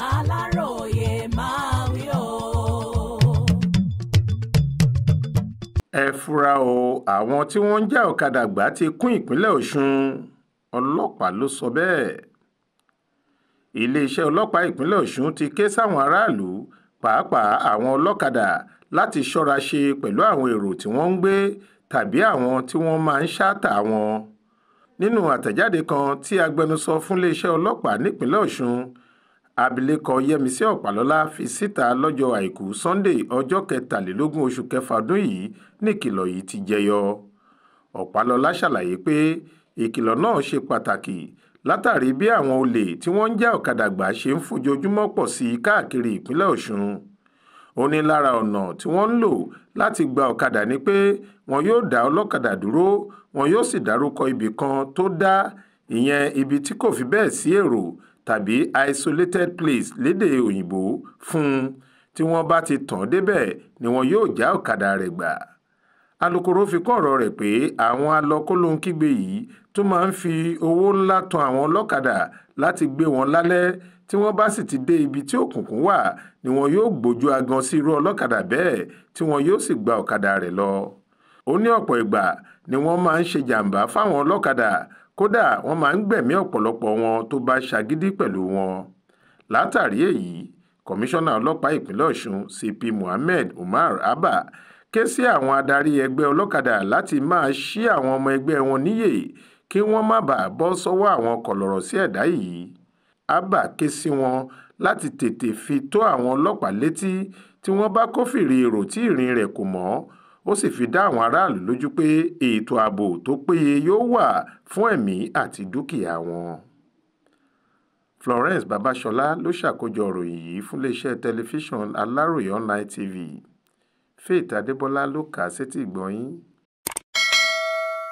aláròye máa wí o. ẹ fura o àwọn tí wọ́n ń já ọ̀kadà gbà ti kún ìpínlẹ̀ ọ̀ṣun ọlọ́pàá ló sọ bẹ́ẹ̀ iléeṣẹ́ ọlọ́pàá ìpínlẹ̀ ọ̀ṣun ti ké sáwọn aráàlú pàápàá àwọn ọlọ́kadà láti ṣọ́ra ṣe pẹ̀lú àwọn èrò tí wọ́n ń gbé tàbí àwọn tí wọ́n máa ń ṣáàtà wọn nínú àtẹ̀jáde kan tí agbẹnusọ fúnléeṣẹ́ ọlọ́pàá nípínlẹ̀ ọ̀ṣun abilékọ yẹ́misí ọ̀pálọ́lá fi síta lọ́jọ́ àìkú sunday ọjọ́ kẹtàlélógún oṣù kẹfà ọdún yìí nìkìlọ̀ yìí ti jẹyọ ọ̀pálọ́lá ṣàlàyé pé ìkìlọ̀ náà ṣe pàtàkì látàrí bí àwọn olè tí wọ́n ń já ọ̀kadà gbà ṣe ń fojoojúmọ́ pọ̀ sí i káàkiri ìpínlẹ̀ ọ̀ṣun ó ní lára ọ̀nà tí wọ́n ń lò láti gba ọ̀kadà ni pé wọn yóò dá ọlọ́kadà dúró wọn yóò sì dárúkọ ibì kan tó dá ìyẹn ibi tí kò fi bẹ́ẹ̀ sí èrò tàbí isolated place lédè òyìnbó fún un tí wọ́n bá ti tàn án débẹ̀ ni wọn yóò já ọ̀kadà rẹ̀ gbà alūkkóró fi kún ọ̀rọ̀ rẹ̀ pé àwọn alọ́kólóńkígbe yìí tó máa ń fi owó ńlá tan àwọn ọlọ́kadà láti gbé wọn lálẹ́ tí wọ́n bá sì ti dé ibi tí òkùnkùn wà ni wọn yóò gbójú agan sí irú ọlọ́kadà bẹ́ẹ̀ tí wọn yóò sì gba ọ̀kadà rẹ̀ lọ. ó ní ọ̀pọ̀ ìgbà ni wọ́n máa ń ṣe jàǹbá fáwọn ọlọ́kadà kódà wọ́n máa ń gbẹ̀mí ọ̀pọ̀lọpọ̀ wọn tó bá ṣagídí pẹ̀lú wọn látàrí èyí kọmíṣánná ọlọ́pàá ìpínlẹ̀ ọ̀ṣun cp mohammed umar abba ké sí àwọn adarí ẹgbẹ́ ọlọ́kadà láti máa ṣí àwọn ọmọ ẹgbẹ́ wọn níyè kí wọ́n má bàa bọ́ sọ́wọ́ àwọn kọ̀lọ̀rọ̀ sí ẹ̀dá yìí abba ké sí wọn láti tètè fi tó àwọn ọlọ́pàá létí tí wọ́n bá kófìrí èrò tí ìrìn rẹ̀ kò mọ́ ó sì fi dá àwọn aráàlú lójú pé ètò ààbò tó péye yóò wà fún ẹ̀mí àti dúkìá wọn. Florence Babasola ló ṣàkójọ ìròyìn yìí fún iléeṣẹ́ tẹlifíṣàn Aláròye Online TV. Faith Adébọlá ló kà á sétí ìgbọ́